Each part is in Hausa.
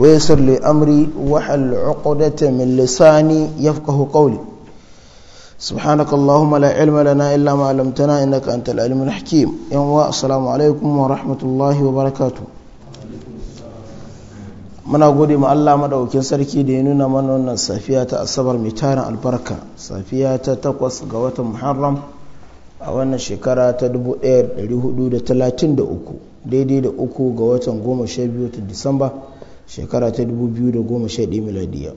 ويسر لي أمري وحل عقدة من لساني يفقه قولي سبحانك اللهم لا علم لنا إلا ما علمتنا إنك أنت العلم الحكيم يوم السلام عليكم ورحمة الله وبركاته muna gode ma Allah madaukakin sarki da ya nuna mana wannan safiya ta asabar mai albarka safiya ta takwas ga watan muharram a wannan shekara ta da talatin uku daidai da uku ga watan goma sha biyu ta disamba shekara ta 2011 miladiya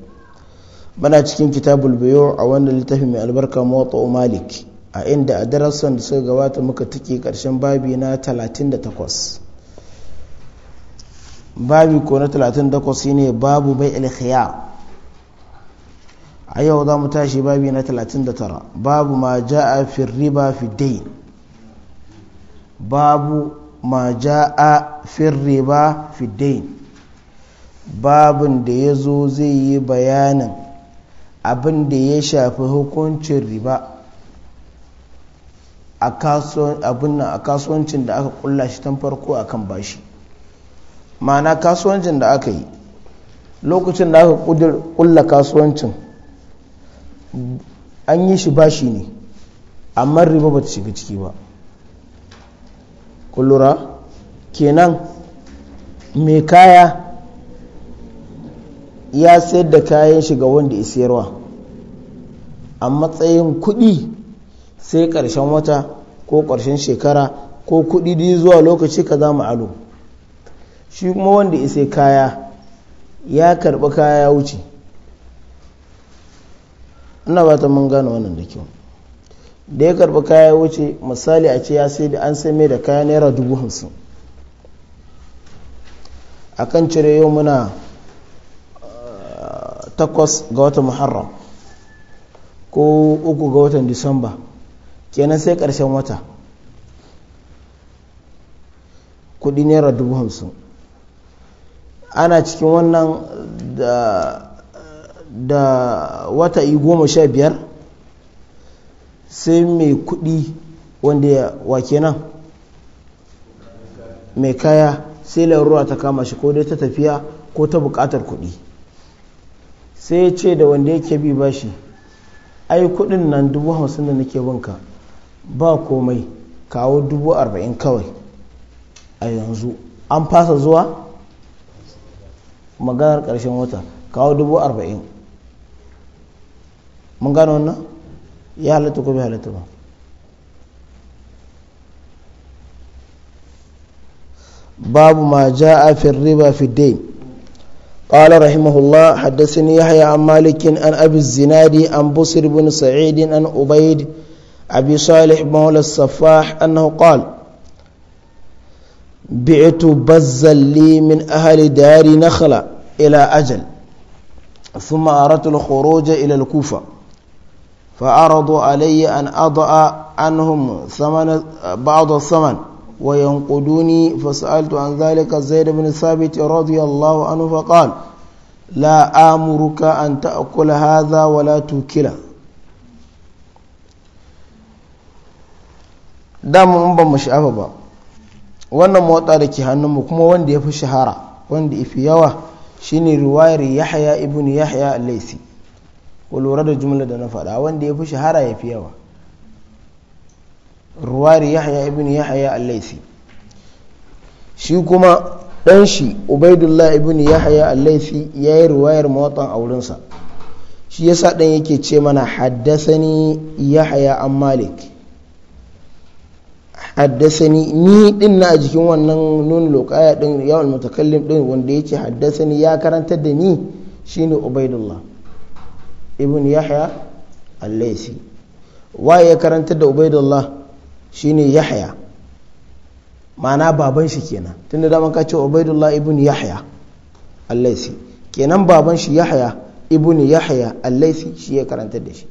muna cikin kitabul bayo a wannan littafi mai albarka mawata malik a inda a darasan da suka gabata muka take karshen babi na 38 babi ko na 38 shine babu bai alkhiyar a yau za mu tashi babi na 39 babu ma ja'a fi riba fi dain babu ma ja'a fi riba fi dain babin da ya zo zai yi bayanin abin da ya shafi hukuncin riba a kasuwancin da aka kulla shi tan farko akan bashi ma'ana kasuwancin da aka yi lokacin da aka kulla kasuwancin an yi shi bashi ne amma riba ba ta shiga ciki ba kullura kenan mai kaya ya sayar da kayan shiga wanda ya sayarwa a matsayin kudi sai karshen wata ko karshen shekara ko kuɗi dai zuwa lokaci ka za shi kuma wanda ya sai kaya ya karɓi kaya ya wuce ina ba ta mun gane wannan da kyau da ya karba kaya wuce misali a ce ya sai da an sai mai da kaya naira dubu hamsin akan cire yau muna takwas ga watan muharram ko uku ga watan disamba kenan sai karshen wata kudi naira dubu hamsin ana cikin wannan da, da wata yi goma sha biyar sai mai kudi wanda ya wake nan mai kaya sai lauruwa ta kama shi ko dai ta tafiya ko ta bukatar kudi sai ya ce da wanda yake bi bashi ai kudin nan dubu hamsin da nake binka ba komai kawo dubu arba'in kawai a yanzu an fasa zuwa maganar ƙarshen wata kawo dubu arba'in mun gano wannan ya halatta ko bai halatta ba babu ma ja'a fi riba fi dain قال رحمه الله حدثني يحيى عن مالك عن أبي الزناد عن بصر بن سعيد عن أبيد أبي صالح مولى الصفاح أنه قال بعت بزا لي من أهل دار نخلة إلى أجل ثم أردت الخروج إلى الكوفة فعرضوا علي أن أضع عنهم ثمن بعض الثمن وينقدوني فسألت عن ذلك زيد بن ثابت رضي الله عنه فقال لا آمرك أن تأكل هذا ولا توكله dama in ban mu sha'afa ba wannan motsa da ke hannunmu kuma wanda ya fi shahara wanda ifi yawa shine riwayar yahya ibn yahya al-laisi ku lura da jumla da na faɗa wanda ya fi shahara ya fi yawa ruwari yahya ibn yahya al shi kuma ɗan shi ubaidullah ibn yahya al ya yi ruwayar mawatan aurinsa shi ya sa ɗan yake ce mana haddasani yahya an malik haddasani ni din na a jikin wannan nun lokaya din yawon mutakallim din wanda yake haddasani ya karantar da ni shine ubaidullah ibn yahya al-laisi waye ya karantar da ubaidullah shine yahya ma'ana baban shi kenan tun da damar kacce obaidullah ibn yahya allaisi kenan baban shi yahya ibn yahya allaisi shi ya karanta da shi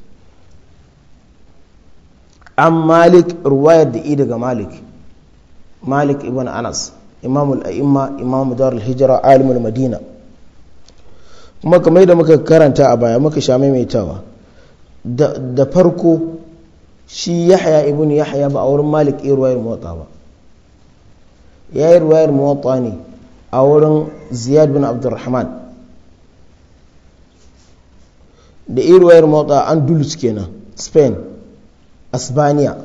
an malik ruwayar da daga malik malik ibn anas imamul a'imma imamu darul hijira alimul madina kuma kamar da muka karanta a baya muka sha maimaitawa da farko shi yahya ibn yahya ba a wurin malik ya ruwayar mota ba ya yi ruwayar mota ne a wurin ziyad bin abdurrahman da iya ruwayar muwatta andalus kenan spain asbaniya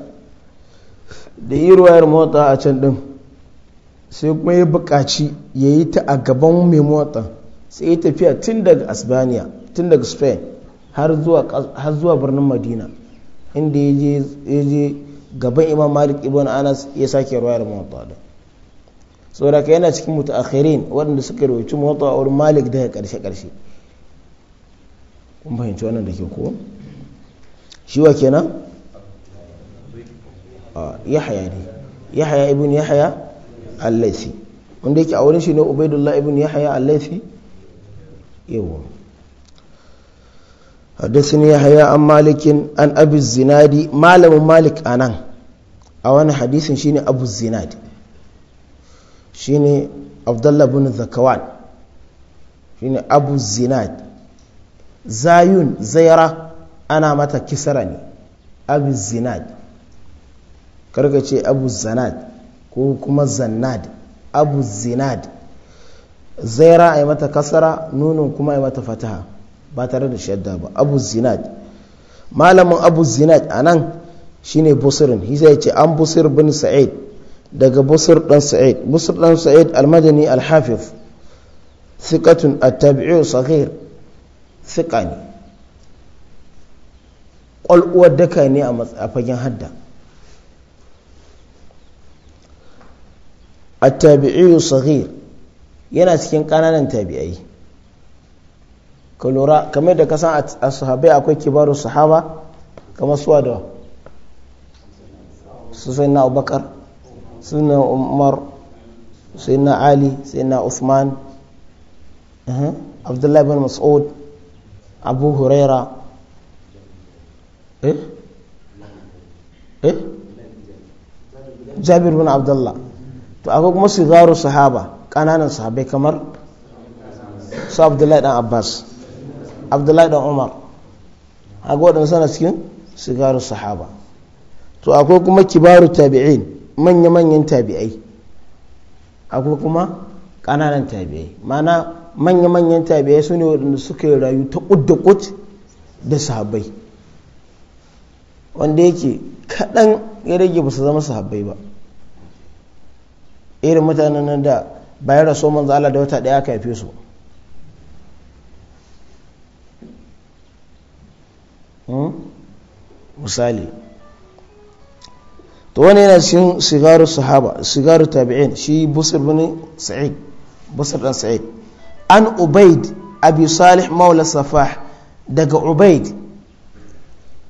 da iya ruwayar mota a can din sai kuma ya bukaci ya yi ta a gaban mai mota sai ya tafiya tun daga asbaniya tun daga spain har zuwa birnin madina inda ya je gaban imam malik ibn anas ya sake da mawata da saboda ka yana cikin mutu akhirin waɗanda suka rubuci mawata a wurin malik daga ƙarshe ƙarshe kun fahimci wannan da ke ko shi wa kenan ah, yahaya ne haya ibn yahaya haya allaisi wanda yake a wurin shi ne ubaidullah ibn yahaya haya allaisi yawon hadisun ya haya an malikin an abu zinadi malamin malik a nan a wani hadisun shine abu zinadi shine abdullah bin zakawan shine abu zinadi zayun zayara ana mata kisara ne abu zinadi gargace abu zanad ko kuma zanad abu zinadi zayara a yi mata kasara nunun kuma a mata fataha ba tare da shadda ba abu zinad malamin abu zinad a nan shi ne busirin hisa ya ce an busir bin sa'id daga busir dan sa'id busir dan sa'id almadani alhafif sikatun a tabi'u sahir sika ne kwalwar daka ne a fagen hadda a tabi'u sahir yana cikin ƙananan tabi'ai ka lura kamar da kasan a sahabai akwai kibarun sahaba kamar suwa da su sai na abubakar su na umar sai na ali sai na usman uh-huh. abdullahi bin mas'ud abu huraira eh eh jabir bin abdullah to akwai kuma sigaru sahaba kananan sahabai kamar su abdullahi dan abbas abdullahi dan umar a waɗanda sana cikin sigaru sahaba to akwai kuma kibaru tabi'in manya-manyan tabi'ai akwai kuma kananan tabi'ai mana manya-manyan tabi'ai su ne waɗanda suka yi rayu ta da ƙud da sahabbai wanda yake kaɗan ya rage ba su zama sahabbai ba irin mutanen da bayan da soman zala da wata ɗaya aka haife su Hmm? misali to wani yana cikin sigaru sahaba sigaru tabi'in shi busir bin sa'id busir dan sa'id an ubaid abi salih maula safah daga ubaid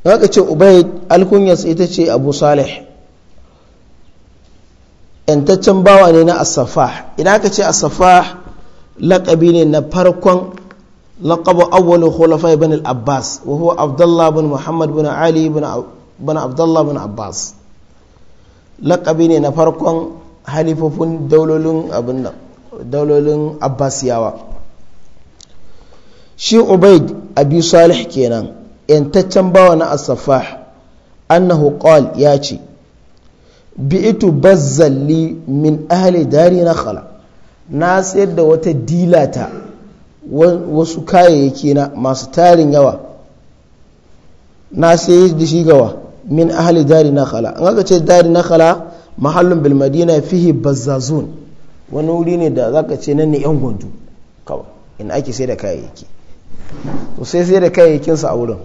haka ce ubaid alkunyarsa ita ce abu salih yantaccen bawa ne na asafah idan aka ce asafah laƙabi ne na farkon لقب أول خلفاء بن العباس وهو عبد الله بن محمد بن علي بن بن عبد الله بن عباس لقبي ne na farkon halifofin daulolin abin nan daulolin shi ubaid abi salih kenan yantaccen bawa na as-saffah annahu qal ya ce bi'itu bazzalli min ahli dari na khala na sayar da wata dila ta. wasu kayayyaki na masu tarin yawa na sai da shi gawa min ahali dari na khala an aka ce dari na khala mahallin bilmadina fihi bazazun wani wuri ne da zaka ce nan ne yan gwandu kawai in ake sai da kayayyaki to sai sai da kayayyakinsa a wurin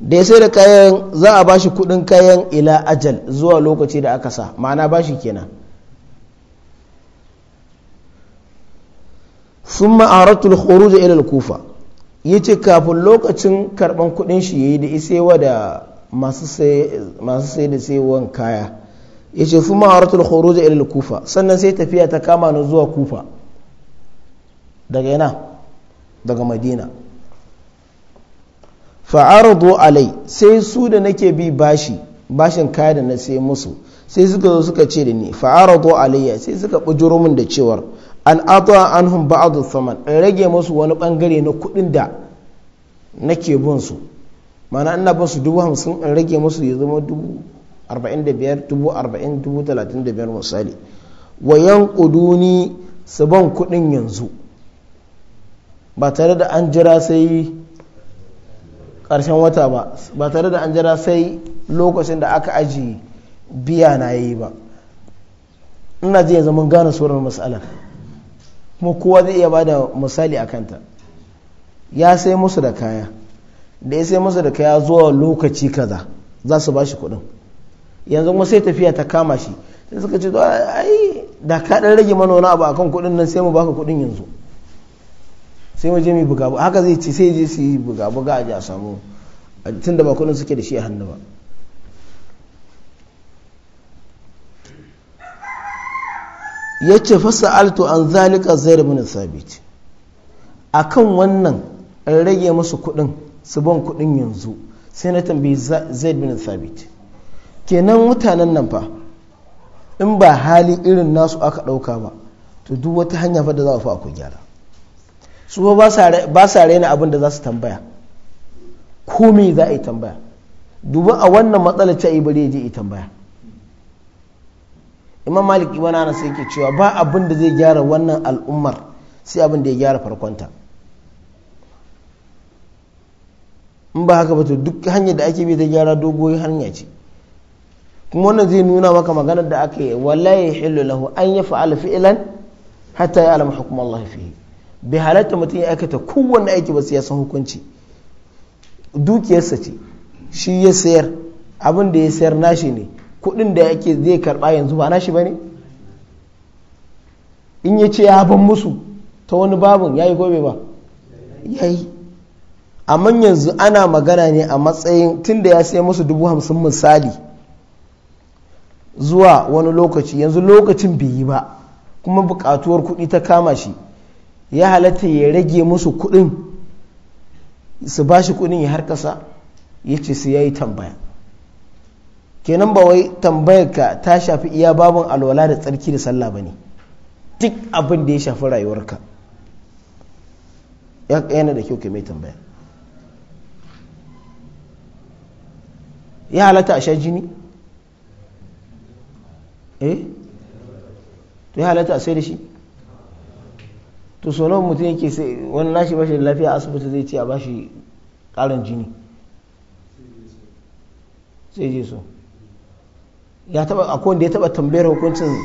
da ya sai da kayan za a bashi kudin kayan ila ajal zuwa lokaci da aka sa ma'ana bashi kenan sun ma'aratul khuruj ila kufa yace kafin lokacin karban kudin shi yayi da isewa da masu sai da sayewan kaya yace sun ma'aratul khuruj ila kufa sannan sai tafiya ta kama ni zuwa kufa daga yana daga madina fa'aradu alai sai su da nake bi bashi bashin kaya da na sai musu sai suka zo suka ce da ni fa'aradu alayya sai suka bujuro min da cewar an an anhum ba'd saman in rage musu wani bangare na kudin da nake bin su mana ina bin su dubu hamsin in rage musu ya zama dubu arba'in da biyar dubu arba'in dubu talatin da biyar misali wa kuduni su ban kudin yanzu ba tare da an jira sai karshen wata ba ba tare da an jira sai lokacin da aka aji biya na yi ba ina ji ya zama gane surar matsalar kuma kowa zai iya ba da misali a kanta ya sai musu da kaya da ya sai musu da kaya zuwa lokaci kaza za su ba shi kuɗin yanzu kuma sai tafiya ta kama shi sai suka ce ai da ka rage mana wani abu akan kuɗin nan sai mu baka kuɗin yanzu sai mu je mu buga haka zai ce sai je su yi buga buga a ji a samu tunda ba kuɗin suke da shi a hannu ba ya ce fasa altu an zalika zai bin sabit a kan wannan an rage masu kudin su ban kudin yanzu sai na tambayi zai bin sabit kenan mutanen nan fa in ba hali irin nasu aka ɗauka ba to duk wata hanya fa da za a fa akwai gyara su ba sa raina abin da za su tambaya ko me za a yi tambaya duba a wannan matsalar ta ibari ya je yi tambaya imam malik ibn sai ke cewa ba abin da zai gyara wannan al'ummar sai abin da ya gyara farkonta in ba haka to duk hanyar da ake bi ta gyara dogoyi hanya ce kuma wannan zai nuna maka maganar da aka yi wallahi hillu lahu an ya fa'ala fi'lan hatta ya alama hukum Allah fihi bai halatta mutum ya aikata kowanne aiki ba sai ya san hukunci dukiyarsa ce shi ya sayar abin da ya sayar nashi ne kuɗin da yake zai karɓa yanzu ba shi ba ne in ya ce ya ban musu ta wani babin ya yi gobe ba ya yi amma yanzu ana magana ne a matsayin tun da ya sai musu dubu hamsin misali zuwa wani lokaci yanzu lokacin bai yi ba kuma bukatuwar kuɗi ta kama shi ya halatta ya rage musu kuɗin su ba shi kuɗin ya harkasa ya ce su ya yi tambaya kenan ba wai tambayar ka ta shafi iya babin alwala da tsarki da sallah ba ne duk abin da ya shafi rayuwarka yana da kyau ka mai tambaya ya halatta a sha jini eh to ya halatta a sai da shi to so nawa mutum yake sai wani nashi bashi da lafiya asibiti zai ce a bashi karin jini sai je so ya taba akwai wanda ya taba tambayar hukuncin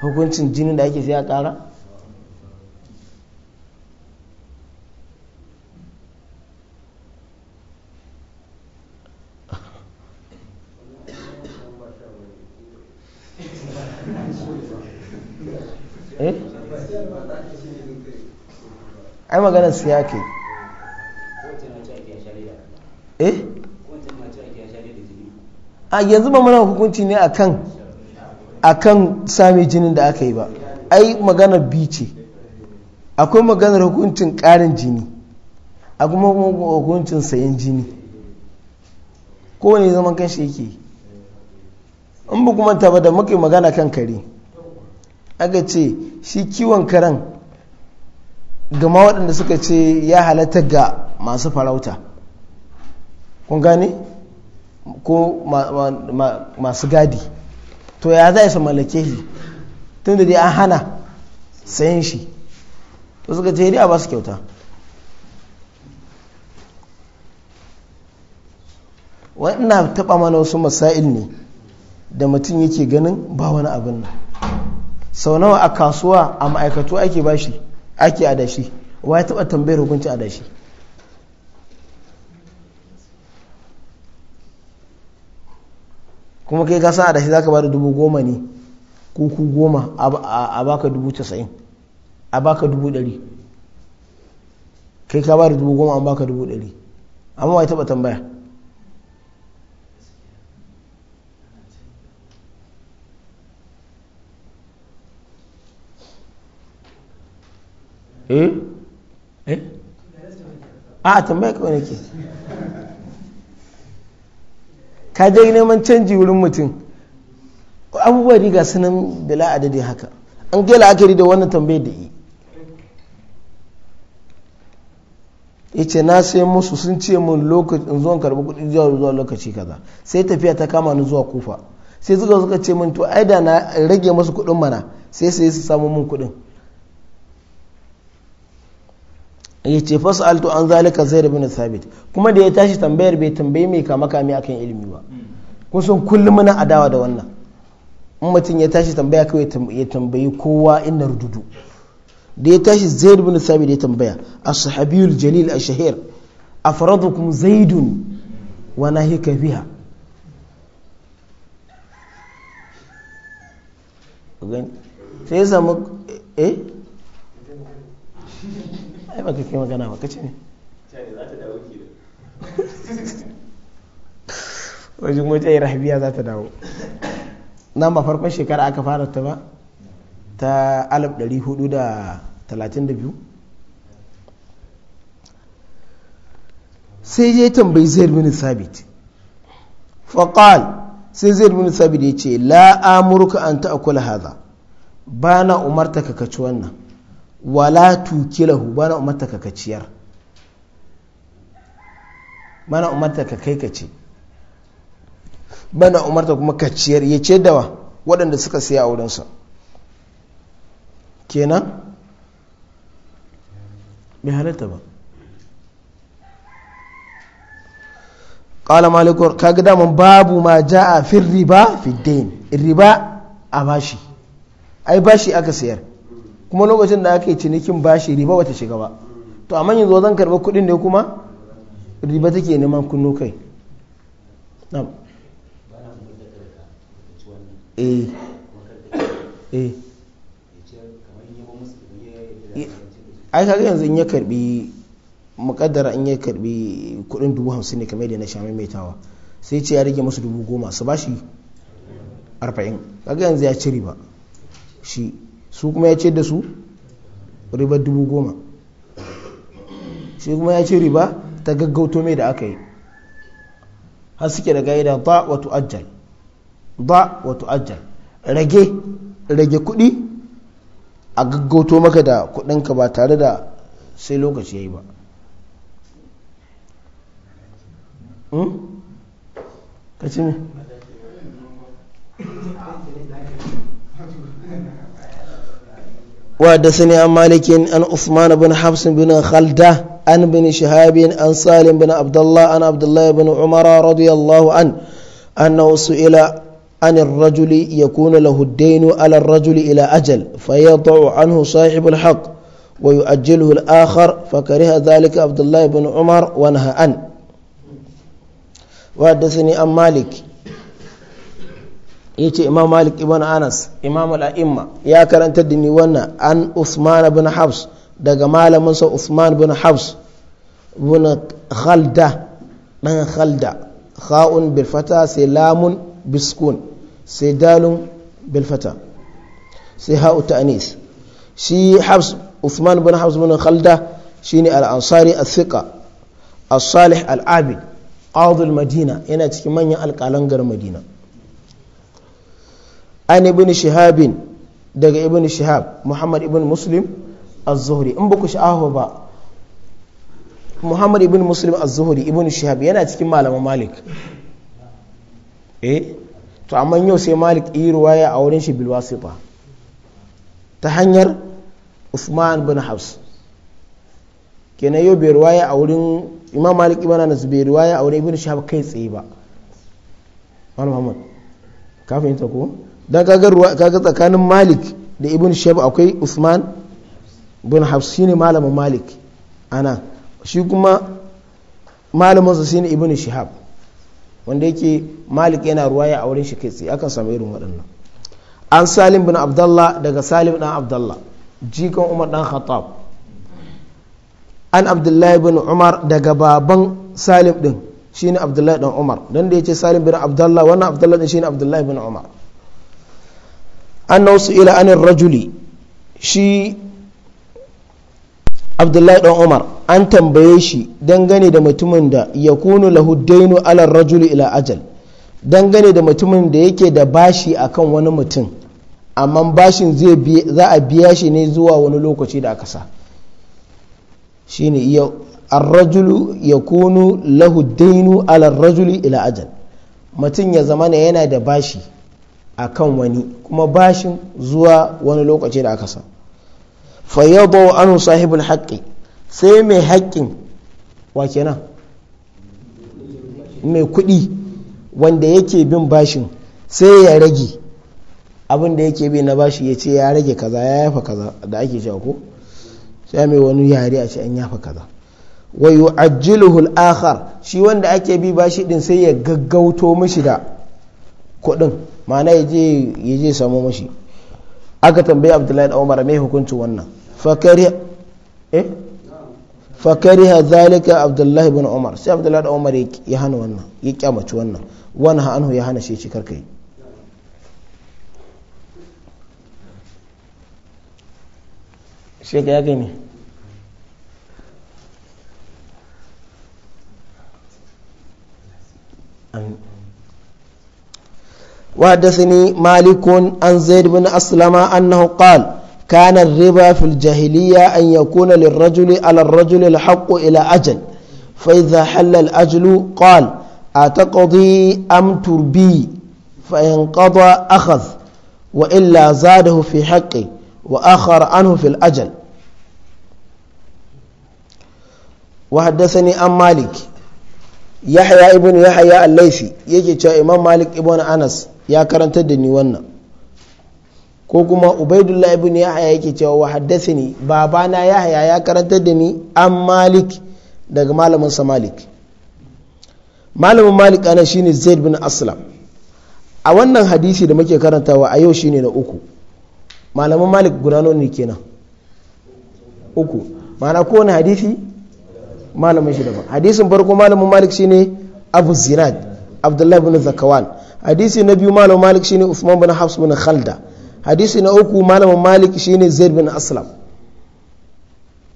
hukuncin jinin da ake sai a kara eh? ai maganar siya ke eh a yanzu ba muna hukunci ne akan akan sami jinin da aka yi ba ai maganar bi ce akwai maganar hukuncin karin jini a kuma hukuncin sayan jini kowane zaman kanshi yake yi in ba kuma ta da muka magana kan kare aka ce shi kiwon karen gama waɗanda suka ce ya halatta ga masu farauta kun ko masu gadi to ya za su mallake shi tun da dai an hana sayan shi to suka ce a ba su kyauta wannan taɓa mana wasu masail ne da mutum yake ganin ba wani abin nan sau nawa a kasuwa a ma'aikatu ake bashi ake adashi wa ya taɓa tambayar hukunci adashi kuma kai ka sa da shi zaka bada dubu goma ne ko ku goma a baka dubu casa'in a baka dubu dari. kai ka bada dubu goma an baka dubu dari, amma wai taɓa tambaya eh eh a tambaya kawai nake ka je neman canji wurin mutum abubuwa riga sunan bila adadin haka an kai la'akari da wannan tambayar da yi ya ce na sai musu sun ce mun lokacin zuwan karbi kudi zuwa lokaci kaza sai tafiya ta kama ni zuwa kufa sai suka suka ce min to ai da na rage musu kudin mana sai sai su samu mun kudin ya ce fasaltu an zalika zaid ibn sabit kuma da ya tashi tambayar bai tambayi mai kama kame akan ilimi ba sun kullum muna adawa da wannan in mutum ya tashi tambaya kawai ya tambayi kowa ina rududu da ya tashi zaid ibn sabit ya tambaya as-sahabiyul jalil a shahir afradukum zaidun wa nahika biya sai ya samu eh ai ka kai magana ba kace ne wajen wajen rahabiya za ta dawo nan ba farkon shekara aka fara ta ba ta 1432 sai je tambayi zaid bin sabit faƙal sai zai bin sabit ya ce la amurka an ta'akula haza ba na umarta ka kaci wannan wala tukilahu bana umarta ka kaciyar ciyar bana umarta ka kai ka ce bana umarta kuma kaciyar ya ce dawa waɗanda suka siya a wurinsa kenan bai halatta ba ƙala malikor kaga daman babu ma ja a fin riba fi dain riba a bashi ai bashi aka sayar kuma lokacin da aka yi cinikin bashi riba wata shiga ba to amma yanzu zan karɓi kuɗin ne kuma riba take neman kunno kai eh. Eh. ai kaga yanzu in ya karbi mukaddara in ya karbi kudin dubu hamsin ne kamar yadda na sha maimaitawa sai ce ya rage musu dubu goma su bashi arba'in kaga yanzu ya ci riba shi su kuma ya ce da su riba dubu goma shi kuma ya ce riba ta gaggauto mai da aka yi har suke da ga'ida ba wato ajal ba wato ajal rage rage kuɗi a gaggauto maka da kuɗinka ba tare da sai lokaci ya yi ba ne? Hmm? وحدثني عن مالك عن عثمان بن حفص بن خلدة عن بن شهاب عن سالم بن عبد الله عن عبد الله بن عمر رضي الله عنه أنه سئل عن الرجل يكون له الدين على الرجل إلى أجل فيضع عنه صاحب الحق ويؤجله الآخر فكره ذلك عبد الله بن عمر ونهى عنه وحدثني عن مالك ya ce imam malik ibn anas imam al'imma ya karanta da ni wannan an usman bin habs daga malaminsa usman bin habs bin khalda dan khalda kha'un bilfata sai lamun biskun sai dalun bilfata sai ha'u ta'anis shi habs usman bin habs bin khalda shine al-ansari al-thiqa al-salih al-abid qadhi al-madina yana cikin manyan alƙalan gar madina an ibn shihabin daga ibn shihab muhammad ibn muslim az-zuhri in baku sha'ahu ba muhammad ibn muslim az-zuhri ibn shihab yana cikin malaman malik eh to amma yau sai malik yi ruwaya a wurin shi bil wasifa ta hanyar usman bin hafs kenan yau bai ruwaya a wurin imam malik ibn anas bai ruwaya a wurin ibn shihab kai tsaye ba wani muhammad ka fahimta ko dan kaga kaga tsakanin malik da ibn shab akwai usman bin hafs shine malamin malik ana shi kuma malamin sa shine ibn shihab wanda yake malik yana ruwaya a wurin shi kai tsaye akan samu irin waɗannan an salim bin abdallah daga salim dan abdallah jikan umar dan khattab an abdullahi bin umar daga baban salim din shine abdullahi dan umar dan da yace salim bin abdallah wannan abdullahi din shine abdullahi bin umar annahu ila anin rajuli shi abdullahi dan umar an tambaye shi dangane da mutumin da ya kunu lahudainu dainu ala rajuli ila ajal dangane da mutumin da yake da bashi akan wani mutum amma bashin za a biya shi ne zuwa wani lokaci da aka sa ne arrajulu ya kunu lahu ala rajuli ila ajal mutum ya zama yana da bashi a kan wani kuma bashin zuwa wani lokaci da aka sa wa anu sahibin haƙƙi sai mai haƙƙin wa nan mai kuɗi wanda yake bin bashin sai ya rage abin da yake bi na bashi ya ce ya rage kaza ya yafa kaza da ake cewa ko sai mai wani yare a ce an yafa kaza wa ajiluhul akhar shi wanda ake bi bashi din sai ya gaggauto mishi da kudin mana ya je je samu mashi aka tambaye abdullahi da umar mai hukuncin wannan fakari eh? ha zalika abdullahi bin umar sai abdullahi da umar ya hana wannan ya kyamaci wannan wani ha anhu ya hana shi cikar kai sai ya gani an وحدثني مالك عن زيد بن أسلم أنه قال كان الربا في الجاهلية أن يكون للرجل على الرجل الحق إلى أجل فإذا حل الأجل قال أتقضي أم تربي فإن قضى أخذ وإلا زاده في حقه وآخر عنه في الأجل وحدثني أم مالك yahya ibn yahya al-laifi yake cewa imam malik ibn anas ya karantar da ni wannan ko kuma ubaidullah ibn yahya yake cewa wa haddathani babana yahya ya karantar da ni an malik daga malamin sa malik malamin malik ana shine zaid bin aslam a wannan hadisi da muke karantawa a yau shine na uku malamin malik guda ne kenan uku mana kowane hadisi malamin shi daban hadisin farko malamin malik shine abu zinad abdullahi bin zakawan hadisi na biyu malamin malik shine usman bin hafs bin khalda hadisi na uku malamin malik shine zaid bin aslam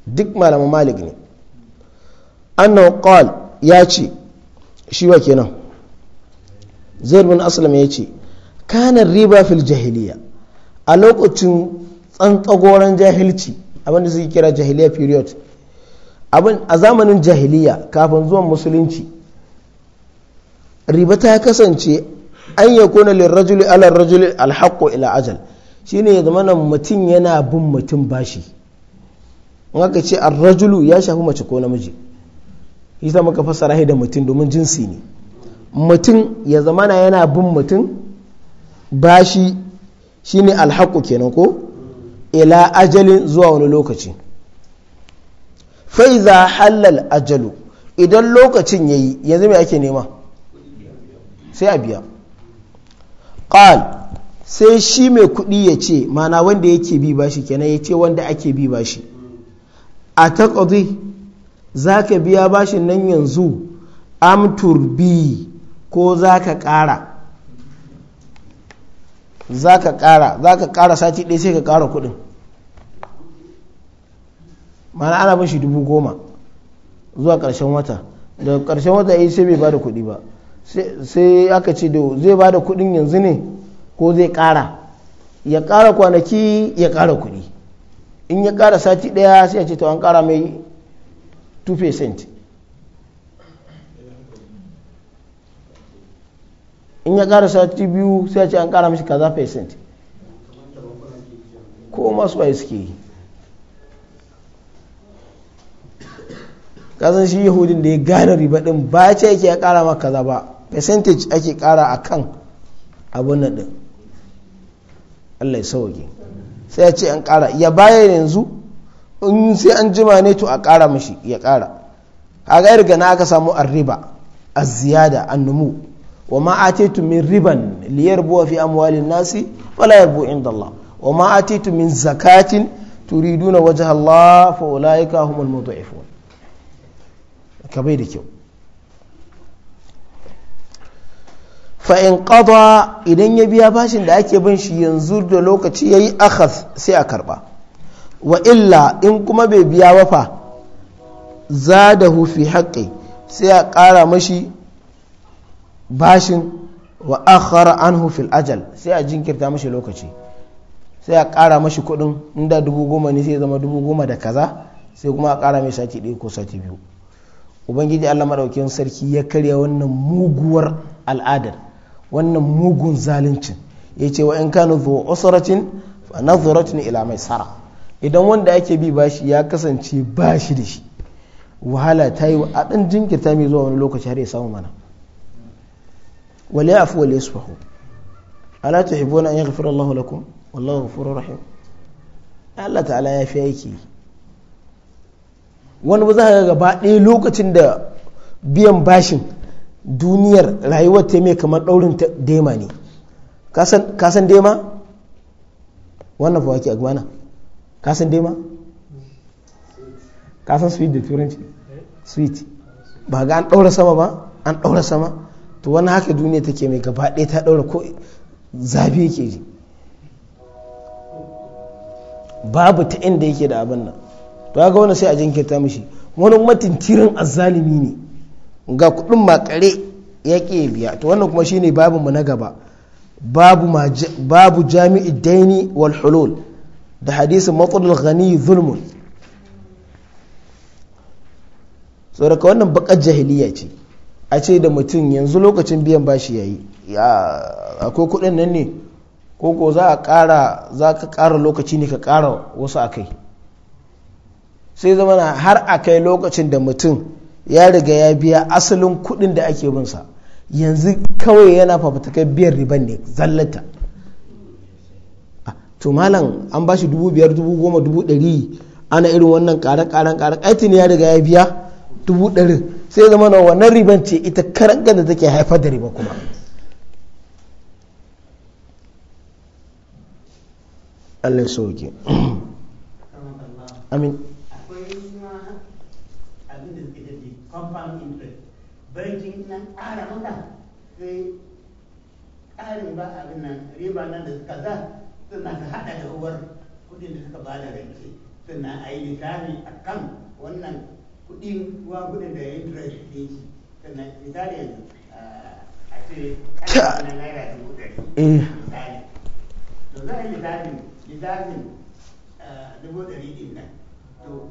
duk malamin malik ne annahu qal ya ce shi wa kenan zaid bin aslam ya ce kanar riba fil jahiliya a lokacin tsantsagoran jahilci abinda suke kira jahiliya period abin a zamanin jahiliya kafin zuwan musulunci riba ta kasance an ya kuna lirajuli alarrajuli ila ajal shine ya zamanin mutum yana bin mutum bashi wanda ce rajulu ya shafi mace ko namiji shi sa muka fassara da mutum domin jinsi ne mutum ya zamana yana bin mutum bashi shine alhaƙo kenan ko ila ajalin zuwa wani lokaci faiza za halal ajalu idan lokacin ya yi yanzu mai ake nema sai a biya ƙal sai shi mai kuɗi ya ce mana wanda yake bi bashi kenan ya ce wanda ake bi bashi a taƙazi za ka biya bashi nan yanzu amtur bi ko za ka ƙara za ka ƙara ƙara sati ɗaya sai ka ƙara kuɗin mana ana mashi dubu goma zuwa ƙarshen wata da ƙarshen wata yi sai bai ba da kuɗi ba sai aka ce da zai ba da kuɗin yanzu ne ko zai ƙara ya ƙara kwanaki ya ƙara kuɗi in ya ƙara sati ɗaya sai ya ce to an ƙara mai 2% in ya ƙara sati biyu sai ya ce an ƙara mashi kaza percent ko masu waye suke yi kasan shi yahudin da ya gane riba din ba ce yake ya kara maka kaza ba percentage ake kara a kan abun nan din Allah ya sauke sai ya ce an kara ya baya yanzu in sai an jima ne to a kara mashi ya kara a ga riga na aka samu riba a ziyada an-numu wa ma a atitu min riban liyar buwa fi amwalin nasi fala yarbu inda Allah wa ma a atitu min zakatin turiduna wajen Allah fa ulaika humul mudhifun kamai da kyau fa'in ƙadwa idan ya biya bashin da ake bin shi yanzu da lokaci ya yi akhas sai a karɓa wa illa in kuma bai biya wafa za da hufi haƙƙi sai a ƙara mashi bashin wa akhara an hufi ajal sai a jinkirta mashi lokaci sai a ƙara mashi kuɗin inda dubu goma ne sai zama dubu goma da kaza sai kuma a ƙara mai sati ɗaya ko sati biyu ubangiji allah maɗaukin sarki ya karya wannan muguwar al'adar wannan mugun zaluncin ya ce wa in kanu zuwa usratin fa nazaratin ila mai sara idan wanda ake bi bashi ya kasance bashi da shi wahala ta yi a ɗan jinkirta mai zuwa wani lokaci har ya samu mana wale afu wale su fahu ala ta hibbona an yi gafira allahu lakum wallahu gafuru rahim allah ta'ala ya fi aiki wani ba za ka gaba ɗaya lokacin da biyan bashin duniyar rayuwar ta mai kamar ɗaurin dema ne kasan dema wannan fawaki a gwana kasan dema kasan sweet da turanci sweet ba ga an ɗaura sama ba an ɗaura sama to wani haka duniya take mai gaba ɗaya ta ɗaura ko zabi yake ji babu ta inda yake da abin nan to ga wani sai a jinkirta mishi wani matin tirin azalimi ne ga kudin makare ya ke biya to wannan kuma shine babu mu na gaba babu jami'i daini wal hulul da hadisin matsalul ghani zulmun saboda wannan bakar jahiliya ce a ce da mutum yanzu lokacin biyan bashi yayi akwai kudin nan ne ko ko za ka kara lokaci ne ka kara wasu akai sai zama na har a kai lokacin da mutum ya riga ya biya asalin kuɗin da ake binsa yanzu kawai yana fafatakar biyar riban ne zallata to malam an ba shi dubu biyar dubu goma dubu ɗari ana irin wannan ƙaran ƙaran ƙaran aitin ya riga ya biya dubu ɗari sai zama na wannan riban ce ita karan da take haifar da riba kuma Allah ya soke amin bankin nan ƙara maka sai ƙarin ba abin nan riba nan da suka za suna ka haɗa da ruwar kudin da suka ba da rance suna a yi lissafi a kan wannan kudin ruwa kudin da ya yi interest ɗin shi suna misali yanzu a ce ƙarfi na naira dubu ɗari eh. misali to za a yi lissafin lissafin dubu ɗari ɗin nan to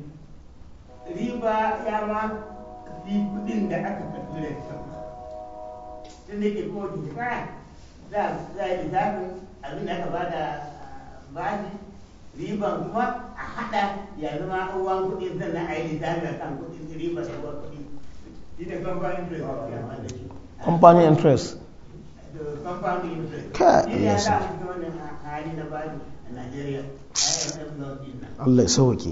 riba ya ma fi kudin da aka karbi rancen tun da ke kowace shekara za a yi lissafin abin da aka ba da ah, bashi riba kuma a hada ya zama uwan kudi sannan a yi lissafin a kan kudin riba da uwan kudi shi ne kamfani interest ah, compound interest compound interest shi ya sa shi wannan hali na bani a Najeriya Allah ya sauke.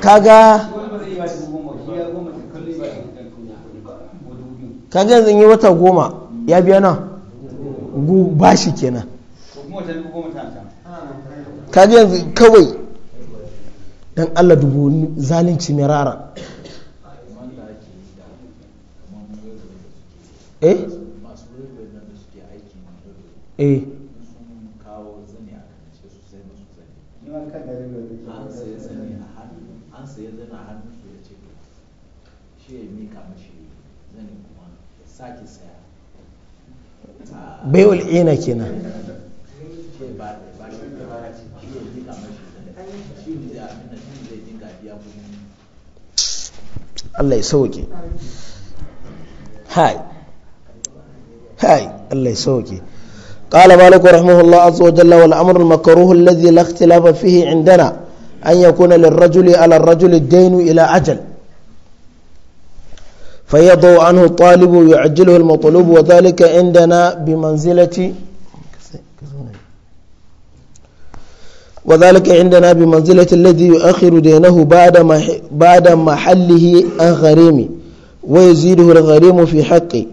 kaga kaga yanzu yi wata goma ya biya na bashi kenan kaga yanzu kawai dan allah dubu zalunci mai rara eh, eh. baiwal اينا kenan الله يسوكي هاي هاي الله يسوكي قال مالك رحمه الله عز وجل والأمر المكروه الذي لا اختلاف فيه عندنا أن يكون للرجل على الرجل الدين إلى عجل فيضو عنه الطالب يعجله المطلوب وذلك عندنا بمنزلة وذلك عندنا بمنزلة الذي يؤخر دينه بعد بعد محله الغريم ويزيده الغريم في حقه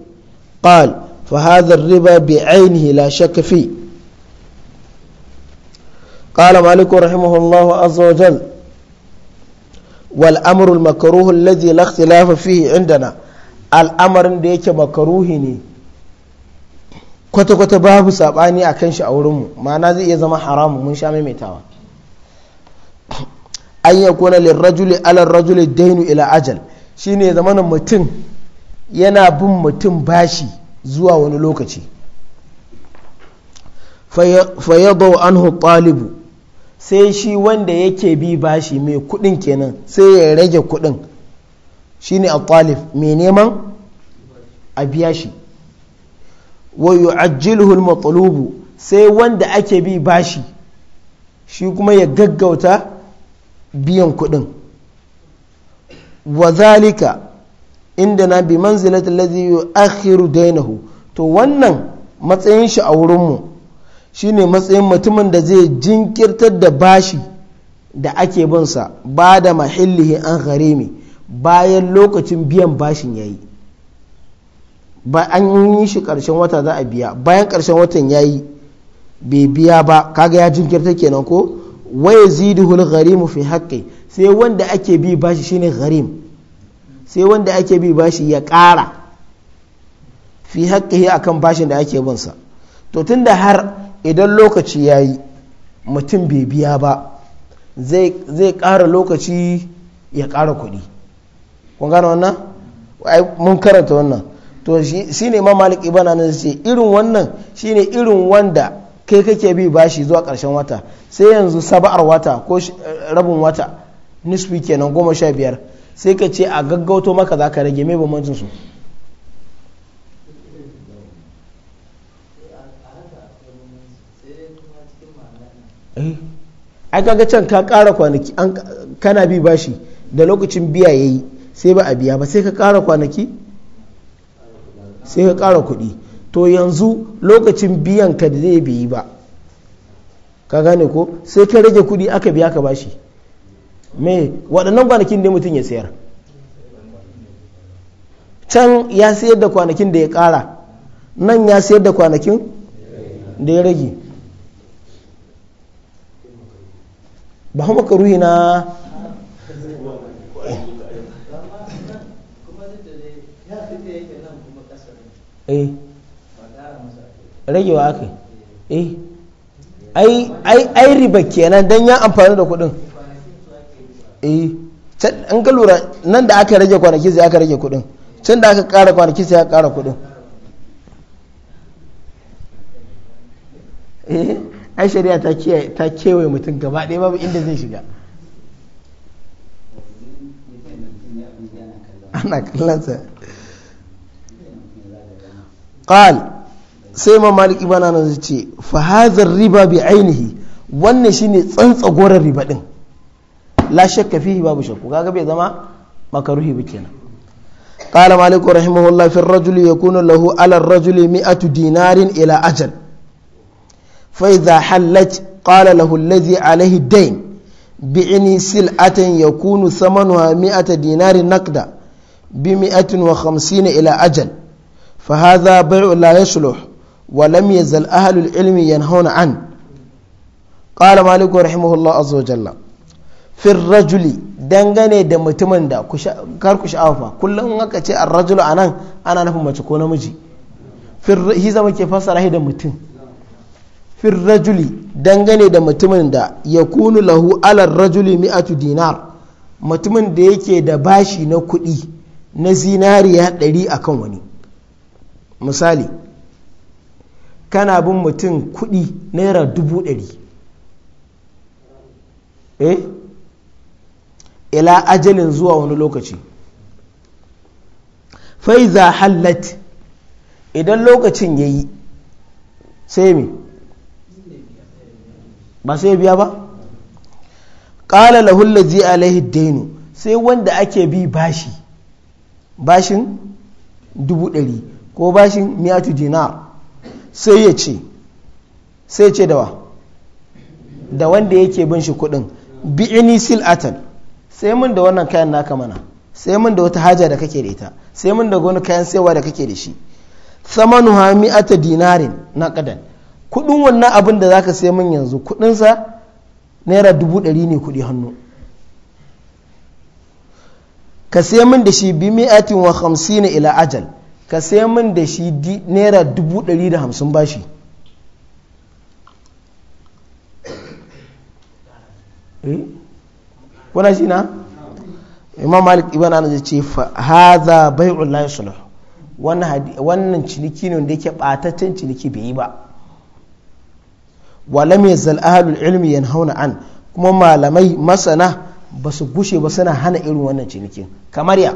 قال فهذا الربا بعينه لا شك فيه قال مالك رحمه الله عز وجل والأمر المكروه الذي لا اختلاف فيه عندنا al'amarin da yake makaruhi ne kwata-kwata babu saɓani a kan shi a wurinmu mana zai iya zama haramun mun sha maimaitawa an yi kuna lirajuli alar rajuli dainu ila ajal shine zamanin mutum yana bin mutum bashi zuwa wani lokaci fayyadau anhu talibu sai shi wanda yake bi bashi mai kudin kenan sai ya rage kudin ne al talif mai neman a biya shi wa ajiyar al sai wanda ake bi bashi shi kuma ya gaggauta biyan kuɗin wa zalika inda na bi manzilatul ladhi akhiru dainahu to wannan matsayin shi a wurinmu shine matsayin mutumin da zai jinkirtar da bashi da ake binsa ba da mahillihi an mai bayan lokacin biyan bashin ya yi ba an yi shi ƙarshen wata za a biya bayan ƙarshen watan ya yi bai biya ba kaga ya jinkirta kenan ko waye hul gharimu fi haƙƙi sai wanda ake bi bashi shine gharim sai wanda ake bi bashi ya ƙara fi haƙƙi akan bashin da ake binsa to tunda har idan lokaci ya yi mutum bai biya ba zai ƙara lokaci ya ƙara kuɗi kun gane wannan mun karanta wannan to shi ne ma malik ibana nan ce irin wannan shi ne irin wanda kai kake bi bashi zuwa ƙarshen wata sai yanzu saba'ar wata ko eh, rabin wata nisfi kenan goma sha biyar sai ka ce a gaggauto maka za ka rage mai bambancin su eh. ai kaga can ka kara kwanaki kana bi bashi da lokacin biya ya yi sai ba a biya ba sai ka kara kwanaki sai ka kara kuɗi to yanzu lokacin biyan ka da zai biyi ba ka gane ko sai ka rage kuɗi aka biya ka bashi me waɗannan kwanakin da mutum ya sayar can ya sayar da kwanakin da ya kara nan ya sayar da kwanakin da ya rage ba ruhi na eh ragewa aka eh ai ai ai riba kenan dan ya amfani da kuɗin eh an ga lura nan da aka rage kwanaki sai aka rage kuɗin can da aka ƙara kwanaki sai aka ƙara kuɗin eh ai shari'a ta kiyaye ta kewaye mutum gaba ɗaya babu inda zai shiga ana kallon sa qal sai ma malik ibn anas ce fa hadha riba bi ainihi wannan shine tsantsa gorar riba din la shakka fihi babu shakku kaga bai zama makaruhi ba kenan قال مالك رحمه الله في الرجل يكون له على الرجل مئة دينار إلى أجل فإذا حلت قال له الذي عليه الدين بعني سلعة يكون ثمنها مئة دينار نقدا بمئة وخمسين إلى أجل فهذا بيع لا يصلح ولم يزل أهل العلم ينهون عنه قال مالك رحمه الله عز وجل في الرجل dangane da mutumin da kar ku sha'afa kullum in aka ce ar-rajulu anan ana nufin mace ko namiji hiza zama ke fassara shi da mutum fir rajuli dangane da mutumin da ya kunu lahu alar rajuli mi'atu dinar mutumin da yake da bashi na kuɗi na zinariya ɗari akan wani misali kana bin mutum kudi naira dubu ɗari eh ila ajalin zuwa wani lokaci faiza hallat idan lokacin ya yi sai mi ba sai biya ba ƙala ji alaihi dainu sai wanda ake bi bashi bashin dubu ɗari ko bashin miyatu dinar sai ya ce sai ce dawa da wanda yake bin shi kudin bi'ini sil'atan sai mun da wannan kayan naka mana sai mun da wata haja da kake da ita sai mun da wani kayan saiwa da kake da shi samanu ha mi'ata dinarin na kadan kudin wannan abin da zaka sai mun yanzu kudinsa naira dubu ɗari ne kudi hannu ka sai mun da shi bi mi'atin wa hamsina ila ajal ka sai min da shi naira dubu ɗari da hamsin shi eh? kuna shi na imam malik ibn ana ya ce fa bai'ul la yuslah wannan ciniki ne wanda yake batacen ciniki bai yi ba wa lam yazal ahlul ilmi yanhauna an kuma malamai masana ba su gushe ba suna hana irin wannan cinikin kamar ya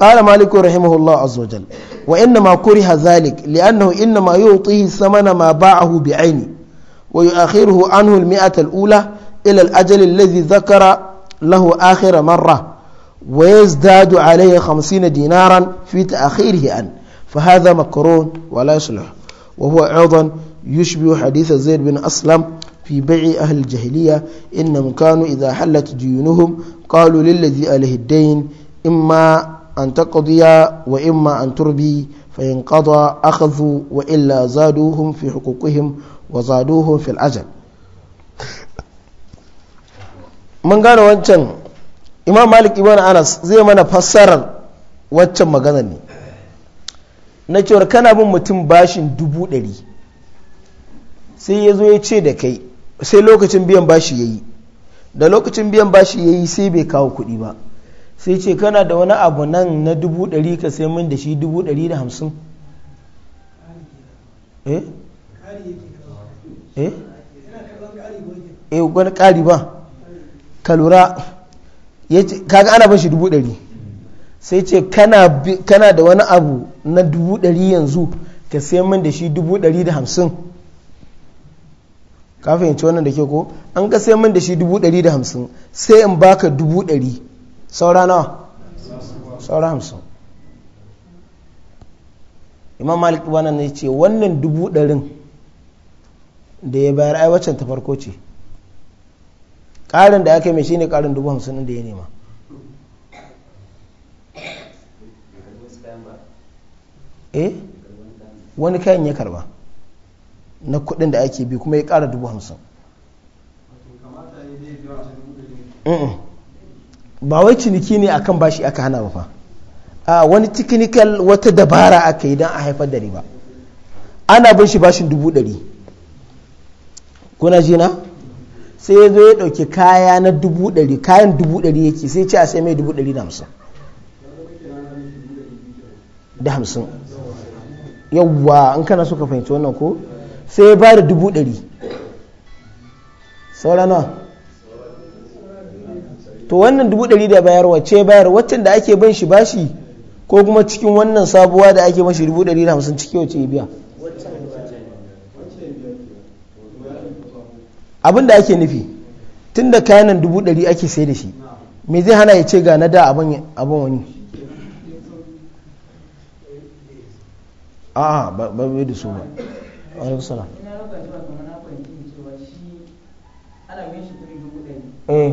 قال مالك رحمه الله عز وجل وإنما كره ذلك لأنه إنما يعطيه ثمن ما باعه بعينه ويؤخره عنه المئة الأولى إلى الأجل الذي ذكر له آخر مرة ويزداد عليه خمسين دينارا في تأخيره أن فهذا مكرون ولا يصلح وهو أيضا يشبه حديث زيد بن أسلم في بيع أهل الجاهلية إنهم كانوا إذا حلت ديونهم قالوا للذي أله الدين إما an taqdiya wa imma an turbi fa in qada akhadhu wa illa zaduhum fi huquqihim wa zaduhum fil ajal mun gane wancan imam malik ibn anas zai mana fassarar wancan magana ne na cewa kana bin mutum bashin dubu ɗari sai ya zo ya ce da kai sai lokacin biyan bashi ya yi da lokacin biyan bashi ya yi sai bai kawo kuɗi ba sai ce kana da wani abu nan na dubu ɗari ka sai min da shi dubu ɗari da hamsin eh eh eh wani ƙari ba ka lura kaga ana bashi dubu ɗari sai ce kana da wani abu na dubu ɗari yanzu ka sai min da shi dubu ɗari da hamsin ka fahimci wannan da ke ko an ka sai min da shi dubu ɗari da hamsin sai in baka dubu ɗari saura nawa saura hamsin imam malik wannan ne ce wannan dubu ɗarin da ya bayar aiwacin waccan ta farko ce ƙarin da aka yi mai shine ƙarin dubu hamsin da ya nema eh wani kayan ya karba na kudin da ake bi kuma ya ƙara dubu hamsin ba wai ciniki ne akan bashi aka hana ba fa a wani technical wata dabara aka yi don a haifar da riba ana bin shi bashin dubu ɗari kuna jina na sai ya zo ya ɗauki kaya na dubu ɗari kayan dubu ɗari yake sai ce a sai mai dubu ɗari da hamsin da hamsin yawwa in kana suka fahimci wannan ko sai ya ba da dubu ɗari saura to wannan dubu ɗari da bayar ce bayar waccan da ake bin shi bashi ko kuma cikin wannan sabuwa da ake mashi dubu ɗari da hamsin ciki wacce biya abin da ake nufi tun da kayanan dubu ɗari ake sai da shi me zai hana ya ce ga na da abin wani a ba bai da su ba alaikum salam eh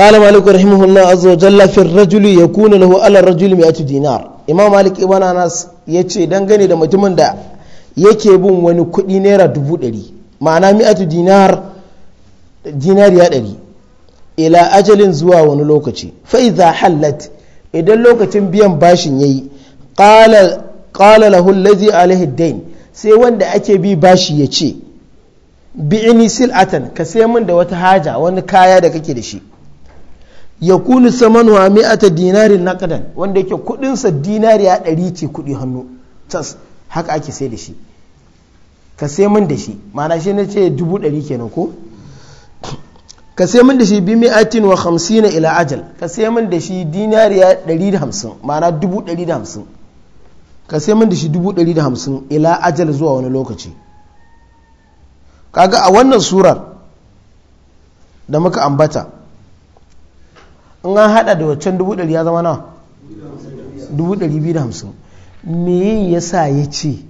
قال مالك رحمه الله عز وجل في الرجل يكون له على الرجل 100 دينار imam malik ibn anas ya ce dangane da mutumin da yake bin wani kuɗi naira dubu ɗari ma'ana mi'atu dinar dinariya ɗari ila ajalin zuwa wani lokaci fa'iza hallat idan lokacin biyan bashin yayi qala lahu allazi alaihi dain sai wanda ake bi bashi ya ce bi'ini sil'atan ka sai min da wata haja wani kaya da kake da shi ya kuni samanu a mi'ata dinarin kadan wanda yake kudinsa ya ɗari ce kudi hannu tas haka ake sai da shi ka sai min da shi ma'ana shi na ce dubu ɗari kenan ko ka sai min da shi bi mi'atin wa hamsina ila ajal ka sai min da shi dinari ya ɗari da hamsin ma'ana dubu ɗari da hamsin ka sai min da shi dubu ɗari da hamsin ila ajal zuwa wani lokaci kaga a wannan surar da muka ambata in an hada da waccan dubu ɗari ya zama nawa dubu ɗari biyu da hamsin me yin ya sa ya ce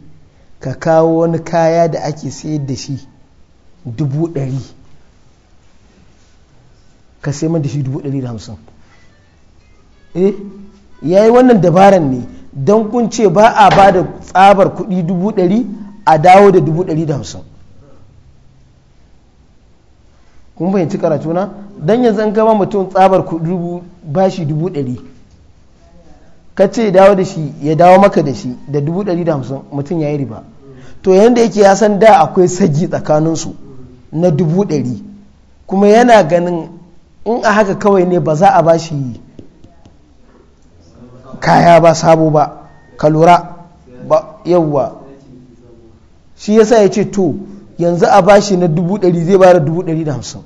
ka kawo wani kaya da ake sayar da shi dubu ɗari ka sai man da shi dubu ɗari da hamsin eh ya yi wannan dabaran ne don kun ce ba a ba da tsabar kuɗi dubu ɗari a dawo da dubu ɗari da hamsin kun fahimci karatu na dan yanzu an gama mutum tsabar dubu bashi dubu ɗari ka ce dawo da shi ya dawo maka da shi da dubu ɗari da hamsin mutum ya yi riba to yanda yake ya san da akwai saji tsakaninsu na dubu ɗari kuma yana ganin in a haka kawai ne ba za a ba shi kaya ba sabo ba ka lura ba yawwa shi yasa ya ce to yanzu a bashi na dubu ɗari zai bara dubu ɗari da hamsin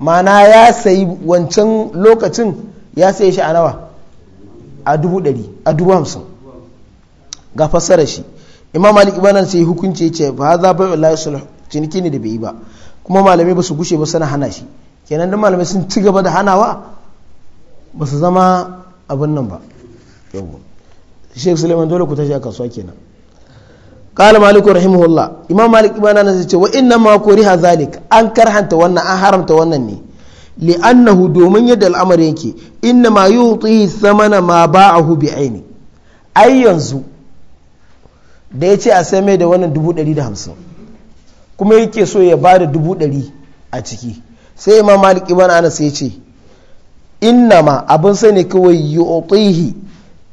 mana ya sayi wancan lokacin ya sayi shi a nawa a dubu dari a dubu hamsin ga fassara shi imam malik ibn sai hukunci ce ba za bai wallahi sulh ciniki ne da bai yi ba kuma malamai ba su gushe ba suna hana shi kenan dan malamai sun ci gaba da hanawa ba su zama abin nan ba yau sheikh suleiman dole ku tashi a kasuwa kenan ƙala malikun rahimu Allah imam malik imana na zace wa ina ma kori ha zalik an karhanta wannan an haramta wannan ne li'annahu domin yadda al'amari yake ina ma yi wuti sama na ma ba a hubi aini ai yanzu da ya ce a same da wannan dubu dari da hamsin kuma ya ke so ya ba da dubu dari a ciki sai imam malik imana na sai ce ina ma abin sai kawai yi wuti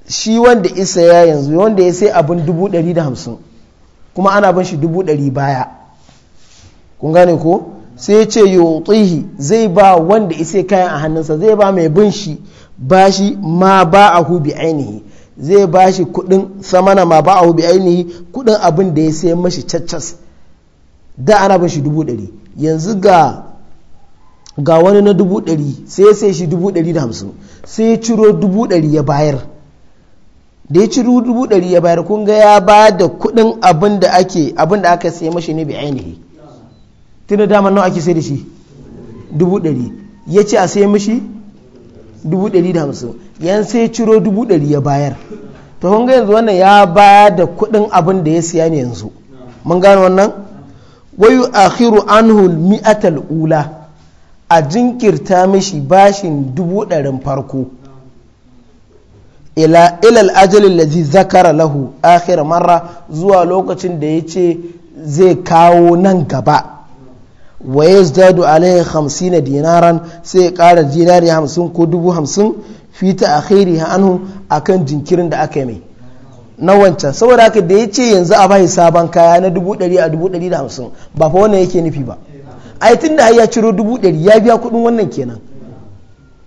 shi wanda isa ya yanzu wanda ya sai abin dubu ɗari da hamsin kuma ana ban shi dubu ɗari baya kun gane ko sai ce yotsihi zai ba wanda isai kayan a hannunsa zai ba mai bin shi bashi ma ba a hubi ainihi zai ba shi kudin samana ma ba a hubi ainihi kudin abin da ya sai mashi caccas da ana bin shi dubu ɗari yanzu ga ga wani na dubu ɗari sai sai shi dubu ɗari da hamsin sai ciro dubu ɗari ya bayar da ya ci dubu ɗari ya bayar kun ya ba da kuɗin abin da ake abin da aka sai mashi ne bi ainihi tunda dama nawa ake sai da shi dubu ɗari ya ce a sai mashi dubu ɗari da hamsin yan sai ciro dubu ɗari ya bayar to kun yanzu wannan ya ba da kuɗin abin da ya siya ne yanzu mun gano wannan wayu akhiru anhu mi'atal ula a jinkirta mishi bashin dubu ɗarin farko ilal ajalin lazi zakara lahu akhira marra zuwa lokacin da ya ce zai kawo nan gaba wa ya zadu alaihi hamsin na dinaran sai ya kara dinari hamsin ko dubu hamsin fi ta akhiri anhu akan jinkirin da aka yi mai na wancan saboda haka da ya ce yanzu a bai sabon kaya na dubu ɗari a dubu ɗari da hamsin ba fa wannan yake nufi ba ai tun da ya ciro dubu ɗari ya biya kuɗin wannan kenan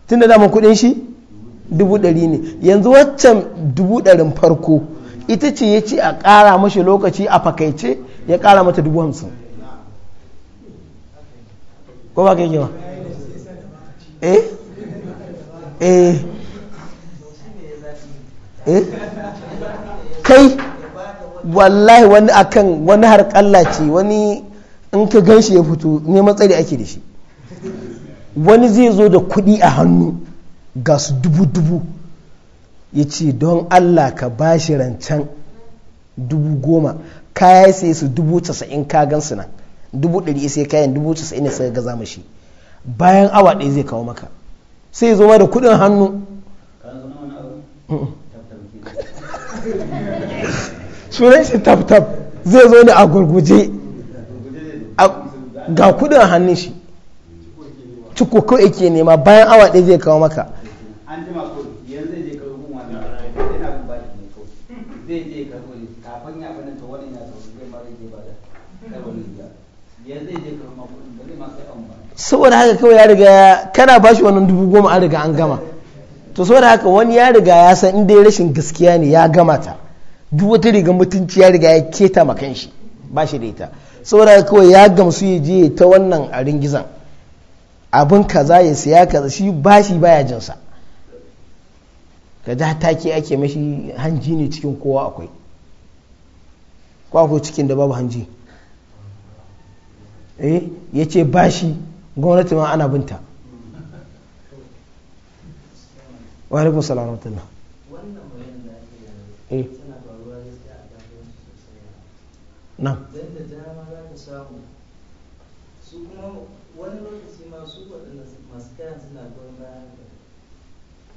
tun da daman kuɗin shi dubu ɗari ne yanzu waccan dubu ɗarin farko ita ce ya ce a ƙara mashi lokaci a fakaice ya ƙara mata dubu hamsin ko ba ka eh eh eh kai wallahi wani akan wani har ce wani in ka gan shi ya fito ne matsari ake da shi wani zai zo da kuɗi a hannu ga su dubu-dubu ya ce don allah ka ba shi rancen dubu goma kaya sai su dubu casa'in kagan su nan dubu ɗari sai kayan dubu casa'in ne sai gaza mashi bayan awa ɗaya zai kawo maka sai zo da kuɗin hannu sunan shi tab-tab zai zo ne a gurguje ga kuɗin hannun shi ciko yake nema bayan awa ɗaya zai kawo maka an jima ko yanzu zai je karbo wani yana bin bashi ne ko zai je karbo ne kafin ya bana to wani ya zo zai ma zai bada da ya yanzu zai je karbo kuɗin da zai ma sai an ba saboda haka kawai ya riga kana bashi wannan dubu goma an riga an gama to saboda haka wani ya riga ya san inda ya rashin gaskiya ne ya gama ta duk wata rigar mutunci ya riga ya keta ma kanshi ba shi da ita saboda haka kawai ya gamsu ya je ta wannan a ringizan abin kaza ya siya kaza shi bashi baya jinsa ka ji take ake mashi hanji ne cikin kowa akwai ko akwai cikin da babu hanji eh ya ce bashi gwamnati ma ana binta Wani alaikum salam rahmatullah eh nan wani lokaci masu waɗanda masu kayan suna gwamnati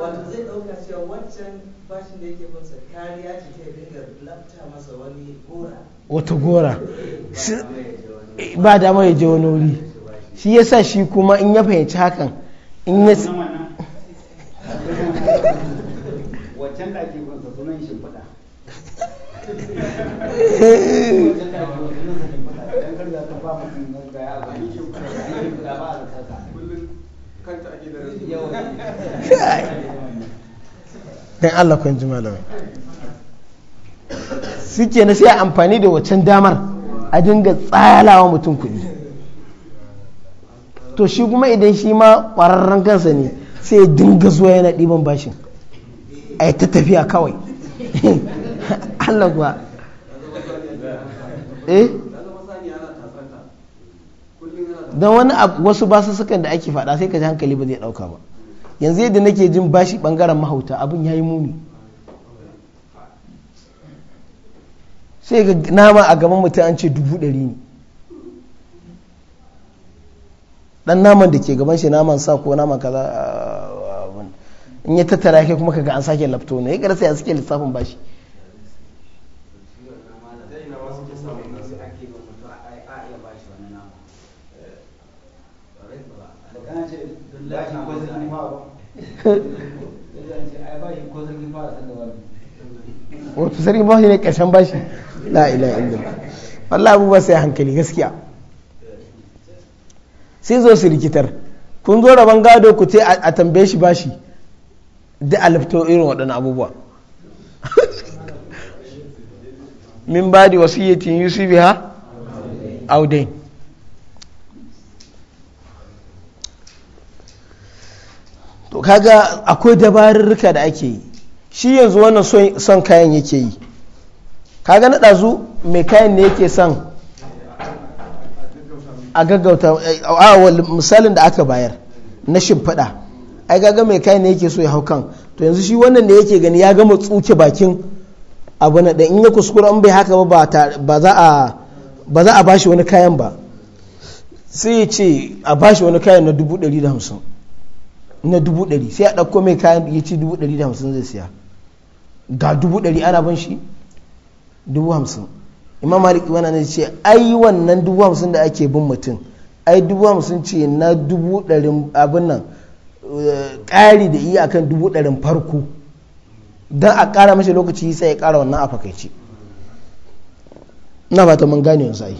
wato ɗauka cewa wancan bashin da yake kariya ce ta dinga lafta masa wani gora wata gora ba dama ya je wani wuri shi ya sa shi kuma in ya fahimci hakan in ya da da ake dan Allah kun ji malamai suke na sai amfani da waccan damar a dinga tsalawa mutum kuɗi to shi kuma idan shi ma ƙwararren kansa ne sai dinga zuwa yana ɗiban bashin a yi ta tafiya kawai Allah kuwa eh don wani wasu sukan da ake fada sai ka ji hankali ba zai ɗauka ba yanzu yadda nake jin bashi ɓangaren mahauta abin ya yi muni sai ga nama a gaban mutum an ce dubu ɗari ne ɗan naman da ke gaban shi naman sa ko naman kaza ah, ah, in ya tattara ke kuma kaga an sake lafto ne ya sai ya suke lissafin bashi wato sarki bashi ne ƙarshen bashi la ilaha illallah wallahi abubuwa sai hankali gaskiya sai zo su rikitar kun zo rabon gado ku ce a tambaye shi bashi da alifto irin waɗannan abubuwa min ba da wasiyyatin yusufi ha audain to kaga akwai rika da ake yi shi yanzu wannan son kayan yake yi kaga na ɗazu mai kayan ne yake son a gaggauta a misalin da aka bayar na shimfiɗa ai kaga mai kayan ne yake so ya hau kan to yanzu shi wannan da yake gani ya gama tsuke bakin abu na in ya kuskura in bai haka ba ba za a ba shi wani kayan ba sai ya ce a ba shi wani kayan na dubu ɗari da hamsin na dubu ɗari sai a ɗauko mai kayan ya ci dubu ɗari da hamsin zai siya ga dubu ɗari ana ban shi dubu hamsin imam malik wani ne ce ai wannan dubu hamsin da ake bin mutum ai dubu hamsin ce na dubu ɗarin abin nan eh, ƙari da iya akan dubu ɗarin farko don a ƙara mashi lokaci sai ya ƙara wannan a fakaice na fata mun gane yanzu ai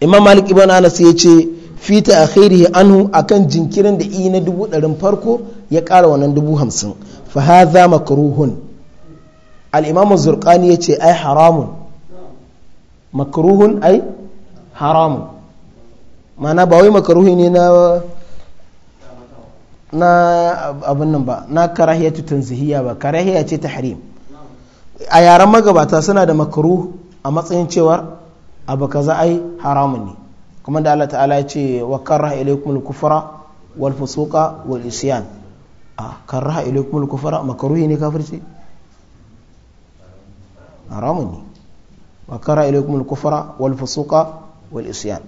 imam malik ibn anas ya ce fi ta akhirihi anhu akan jinkirin da i na dubu ɗarin farko ya ƙara wannan dubu hamsin fa hadha makruhun al-imamu zurqani yace ai haramun makruhun ai haramun mana ba wai makruhi ne na na abin nan ba na karahiyatu tanzihiyya ba karahiya ce tahrim a yaren magabata suna da makruh a matsayin cewar abu kaza ai haramun ne kuma da Allah ta'ala ya ce wa karraha ilaykum al-kufra wal fusuqa wal isyan a karraha ilaykum al-kufra makruhi ne kafirci haramun ne wa karraha ilaykum al-kufra wal fusuqa wal isyan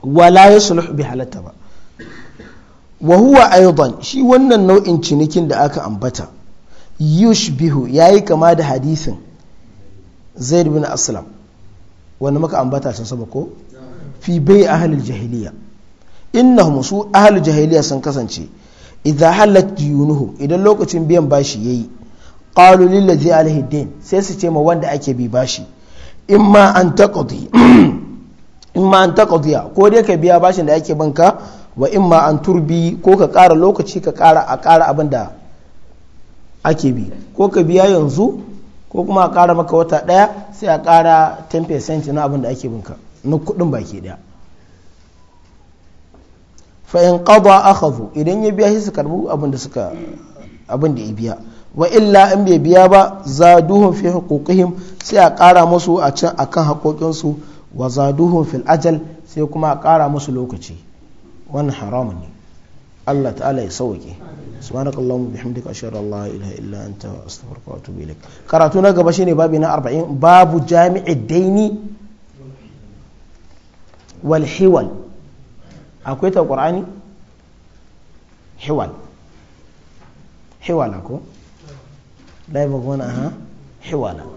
wala yusluh bi halatta ba wa huwa aidan shi wannan nau'in cinikin da aka ambata yushbihu yayi kama da hadisin zaid bin aslam wani muka bata sun saba ko fi bai halin jahiliya musu su halin jahiliya sun kasance idan halat yunuhu idan lokacin biyan bashi yayi qalu lil ladzi alaihi din sai su ce ma wanda ake bi bashi in ma an taqdi imma ko dai ka biya bashin da ake banka wa ma an turbi ko ka kara lokaci ka kara a kara abin da ake bi ko ka biya yanzu ko kuma a kara maka wata daya sai a kara 10% na abin da ake binka na kudin baki ɗaya fa in qada akhadhu idan ya biya shi su karbu abin da suka abin da ya biya wa illa in bai biya ba zaduhum fi huquqihim sai a kara musu a can akan haƙoƙin su wa zaduhum fil ajal sai kuma a kara musu lokaci wannan haramun ne Allah ta'ala ya sauke subhanakallahumma bihamdika ashhadu an la ilaha illa anta astaghfiruka wa atubu ilaik karatu na gaba shine babu na 40 babu jami'i daini wal hiwal akwai ta qur'ani hiwal hiwala ko dai ba gona ha hiwala